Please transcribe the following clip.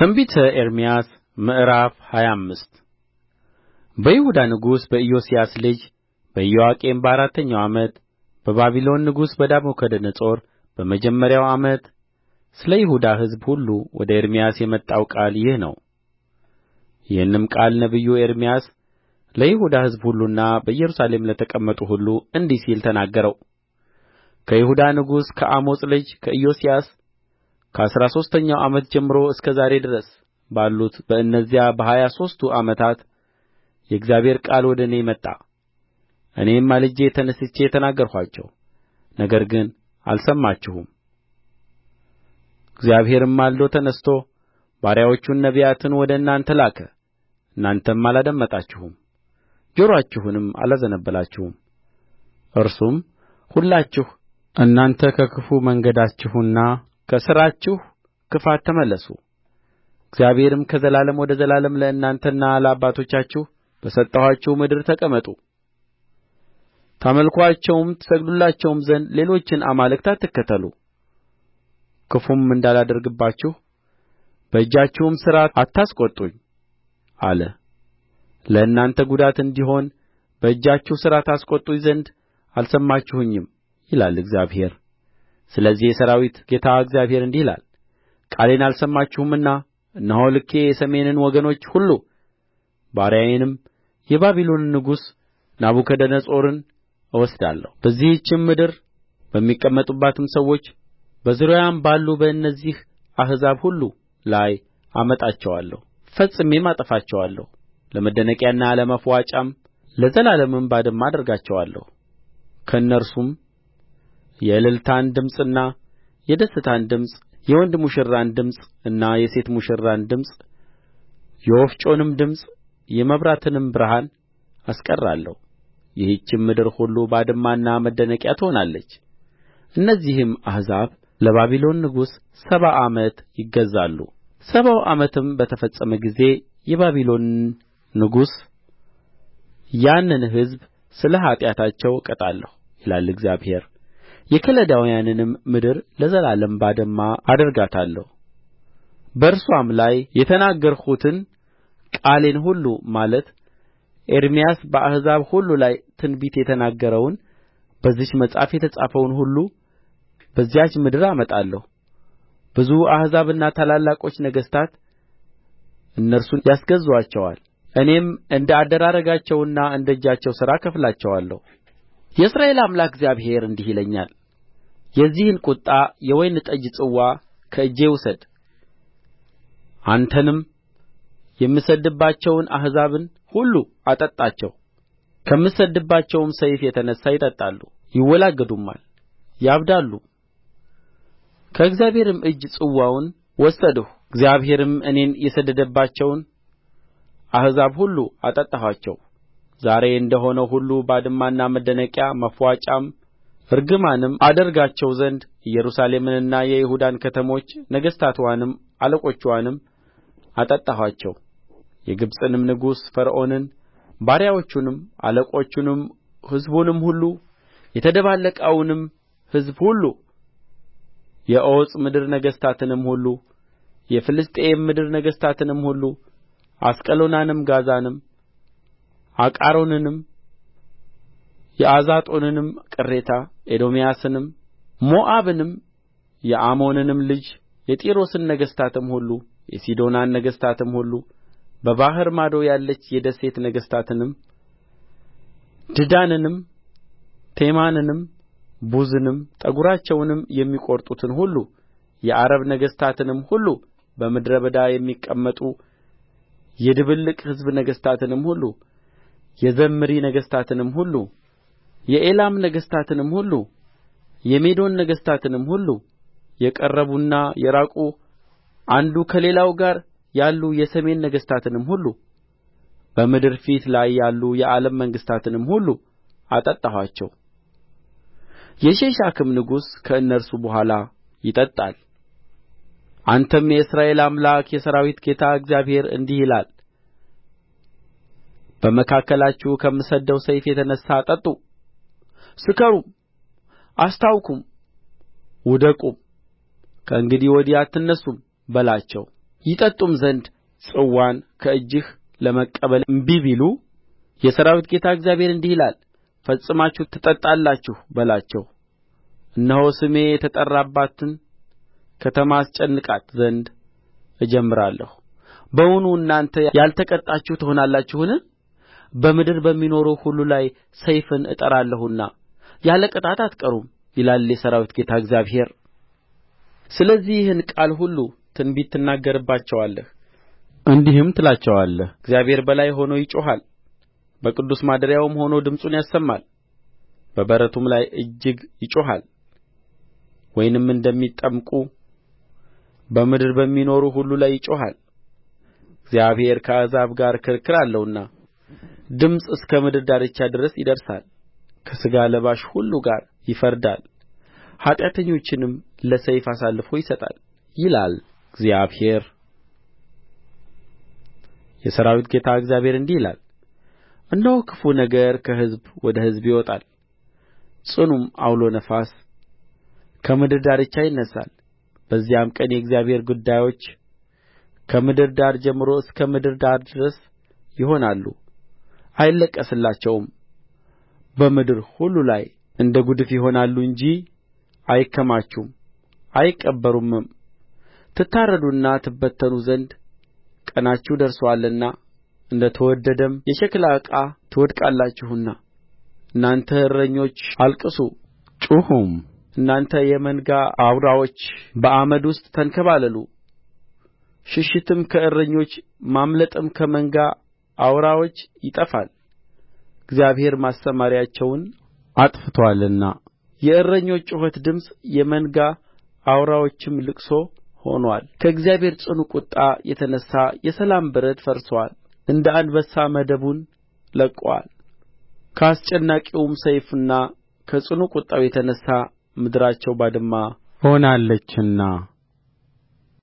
ትንቢተ ኤርምያስ ምዕራፍ ሃያ አምስት በይሁዳ ንጉሥ በኢዮስያስ ልጅ በኢዮአቄም በአራተኛው ዓመት በባቢሎን ንጉሥ በናቡከደነፆር በመጀመሪያው ዓመት ስለ ይሁዳ ሕዝብ ሁሉ ወደ ኤርምያስ የመጣው ቃል ይህ ነው። ይህንም ቃል ነቢዩ ኤርምያስ ለይሁዳ ሕዝብ ሁሉና በኢየሩሳሌም ለተቀመጡ ሁሉ እንዲህ ሲል ተናገረው። ከይሁዳ ንጉሥ ከአሞጽ ልጅ ከኢዮስያስ ከአሥራ ሦስተኛው ዓመት ጀምሮ እስከ ዛሬ ድረስ ባሉት በእነዚያ በሀያ ሦስቱ ዓመታት የእግዚአብሔር ቃል ወደ እኔ መጣ እኔም ማልጄ ተነሥቼ ተናገርኋቸው ነገር ግን አልሰማችሁም እግዚአብሔርም ማልዶ ተነሥቶ ባሪያዎቹን ነቢያትን ወደ እናንተ ላከ እናንተም አላደመጣችሁም ጆሮአችሁንም አላዘነበላችሁም እርሱም ሁላችሁ እናንተ ከክፉ መንገዳችሁና ከሥራችሁ ክፋት ተመለሱ እግዚአብሔርም ከዘላለም ወደ ዘላለም ለእናንተና ለአባቶቻችሁ በሰጠኋቸው ምድር ተቀመጡ ታመልኩአቸውም ትሰግዱላቸውም ዘንድ ሌሎችን አማልክት አትከተሉ ክፉም እንዳላደርግባችሁ በእጃችሁም ሥራ አታስቈጡኝ አለ ለእናንተ ጕዳት እንዲሆን በእጃችሁ ሥራ ታስቈጡኝ ዘንድ አልሰማችሁኝም ይላል እግዚአብሔር ስለዚህ የሠራዊት ጌታ እግዚአብሔር እንዲህ ይላል ቃሌን አልሰማችሁምና እነሆ ልኬ የሰሜንን ወገኖች ሁሉ ባሪያዬንም የባቢሎንን ንጉሥ ናቡከደነፆርን እወስዳለሁ በዚህችም ምድር በሚቀመጡባትም ሰዎች በዙሪያዋም ባሉ በእነዚህ አሕዛብ ሁሉ ላይ አመጣቸዋለሁ ፈጽሜም አጠፋቸዋለሁ ለመደነቂያና ለማፍዋጫም ለዘላለምም ባድማ አደርጋቸዋለሁ ከእነርሱም የእልልታን ድምፅና የደስታን ድምፅ የወንድ ሙሽራን ድምፅና የሴት ሙሽራን ድምፅ የወፍጮንም ድምፅ የመብራትንም ብርሃን አስቀራለሁ ይህችም ምድር ሁሉ ባድማና መደነቂያ ትሆናለች እነዚህም አሕዛብ ለባቢሎን ንጉሥ ሰባ ዓመት ይገዛሉ ሰባው ዓመትም በተፈጸመ ጊዜ የባቢሎን ንጉሥ ያንን ሕዝብ ስለ ኃጢአታቸው እቀጣለሁ ይላል እግዚአብሔር የከለዳውያንንም ምድር ለዘላለም ባድማ አደርጋታለሁ በእርስዋም ላይ የተናገርሁትን ቃሌን ሁሉ ማለት ኤርምያስ በአሕዛብ ሁሉ ላይ ትንቢት የተናገረውን በዚህች መጽሐፍ የተጻፈውን ሁሉ በዚያች ምድር አመጣለሁ ብዙ አሕዛብና ታላላቆች ነገሥታት እነርሱን ያስገዙአቸዋል እኔም እንደ አደራረጋቸውና እንደ እጃቸው ሥራ እከፍላቸዋለሁ የእስራኤል አምላክ እግዚአብሔር እንዲህ ይለኛል የዚህን ቍጣ የወይን ጠጅ ጽዋ ከእጄ ውሰድ አንተንም የምሰድድባቸውን አሕዛብን ሁሉ አጠጣቸው ከምሰድድባቸውም ሰይፍ የተነሣ ይጠጣሉ ይወላገዱማል ያብዳሉም ከእግዚአብሔርም እጅ ጽዋውን ወሰድሁ እግዚአብሔርም እኔን የሰደደባቸውን አሕዛብ ሁሉ አጠጣኋቸው ዛሬ እንደ ሆነው ሁሉ ባድማና መደነቂያ ማፍዋጫም እርግማንም አደርጋቸው ዘንድ ኢየሩሳሌምንና የይሁዳን ከተሞች ነገሥታትዋንም አለቆችዋንም አጠጣኋቸው የግብጽንም ንጉሥ ፈርዖንን ባሪያዎቹንም አለቆቹንም ሕዝቡንም ሁሉ የተደባለቀውንም ሕዝብ ሁሉ የዖፅ ምድር ነገሥታትንም ሁሉ የፍልስጥኤም ምድር ነገሥታትንም ሁሉ አስቀሎናንም ጋዛንም አቃሮንንም የአዛጦንንም ቅሬታ ኤዶምያስንም ሞዓብንም የአሞንንም ልጅ የጢሮስን ነገሥታትም ሁሉ የሲዶናን ነገሥታትም ሁሉ በባሕር ማዶ ያለች የደሴት ነገሥታትንም ድዳንንም ቴማንንም ቡዝንም ጠጕራቸውንም የሚቈርጡትን ሁሉ የዓረብ ነገሥታትንም ሁሉ በምድረ በዳ የሚቀመጡ የድብልቅ ሕዝብ ነገሥታትንም ሁሉ የዘምሪ ነገሥታትንም ሁሉ የኤላም ነገሥታትንም ሁሉ የሜዶን ነገሥታትንም ሁሉ የቀረቡና የራቁ አንዱ ከሌላው ጋር ያሉ የሰሜን ነገሥታትንም ሁሉ በምድር ፊት ላይ ያሉ የዓለም መንግሥታትንም ሁሉ አጠጣኋቸው የሼሻክም ንጉሥ ከእነርሱ በኋላ ይጠጣል አንተም የእስራኤል አምላክ የሠራዊት ጌታ እግዚአብሔር እንዲህ ይላል በመካከላችሁ ከምሰድደው ሰይፍ የተነሣ ጠጡ ስከሩም አስታውኩም ውደቁም ከእንግዲህ ወዲህ አትነሡም በላቸው ይጠጡም ዘንድ ጽዋን ከእጅህ ለመቀበል እንቢ ቢሉ የሠራዊት ጌታ እግዚአብሔር እንዲህ ይላል ፈጽማችሁ ትጠጣላችሁ በላቸው እነሆ ስሜ የተጠራባትን ከተማ አስጨንቃት ዘንድ እጀምራለሁ በውኑ እናንተ ያልተቀጣችሁ ትሆናላችሁን በምድር በሚኖሩ ሁሉ ላይ ሰይፍን እጠራለሁና ያለ ቅጣት አትቀሩም ይላል የሠራዊት ጌታ እግዚአብሔር ስለዚህ ይህን ቃል ሁሉ ትንቢት ትናገርባቸዋለህ እንዲህም ትላቸዋለህ እግዚአብሔር በላይ ሆኖ ይጮኻል በቅዱስ ማደሪያውም ሆኖ ድምፁን ያሰማል በበረቱም ላይ እጅግ ይጮኻል ወይንም እንደሚጠምቁ በምድር በሚኖሩ ሁሉ ላይ ይጮኻል እግዚአብሔር ከአሕዛብ ጋር ክርክር አለውና ድምፅ እስከ ምድር ዳርቻ ድረስ ይደርሳል ከሥጋ ለባሽ ሁሉ ጋር ይፋረዳል ኃጢአተኞችንም ለሰይፍ አሳልፎ ይሰጣል ይላል እግዚአብሔር የሠራዊት ጌታ እግዚአብሔር እንዲህ ይላል እነሆ ክፉ ነገር ከሕዝብ ወደ ሕዝብ ይወጣል ጽኑም ዐውሎ ነፋስ ከምድር ዳርቻ ይነሣል በዚያም ቀን የእግዚአብሔር ጉዳዮች ከምድር ዳር ጀምሮ እስከ ምድር ዳር ድረስ ይሆናሉ አይለቀስላቸውም በምድር ሁሉ ላይ እንደ ጕድፍ ይሆናሉ እንጂ አይከማቹም አይቀበሩምም ትታረዱና ትበተኑ ዘንድ ቀናችሁ ደርሶአልና እንደ ተወደደም የሸክላ ዕቃ ትወድቃላችሁና እናንተ እረኞች አልቅሱ ጩኹም እናንተ የመንጋ አውራዎች በአመድ ውስጥ ተንከባለሉ ሽሽትም ከእረኞች ማምለጥም ከመንጋ አውራዎች ይጠፋል እግዚአብሔር ማሰማርያቸውን አጥፍቶአልና የእረኞች ጩኸት ድምፅ የመንጋ አውራዎችም ልቅሶ ሆኖአል ከእግዚአብሔር ጽኑ ቍጣ የተነሣ የሰላም በረት ፈርሶአል እንደ አንበሳ መደቡን ለቅቆአል ከአስጨናቂውም ሰይፍና ከጽኑ ቍጣው የተነሣ ምድራቸው ባድማ ሆናለችና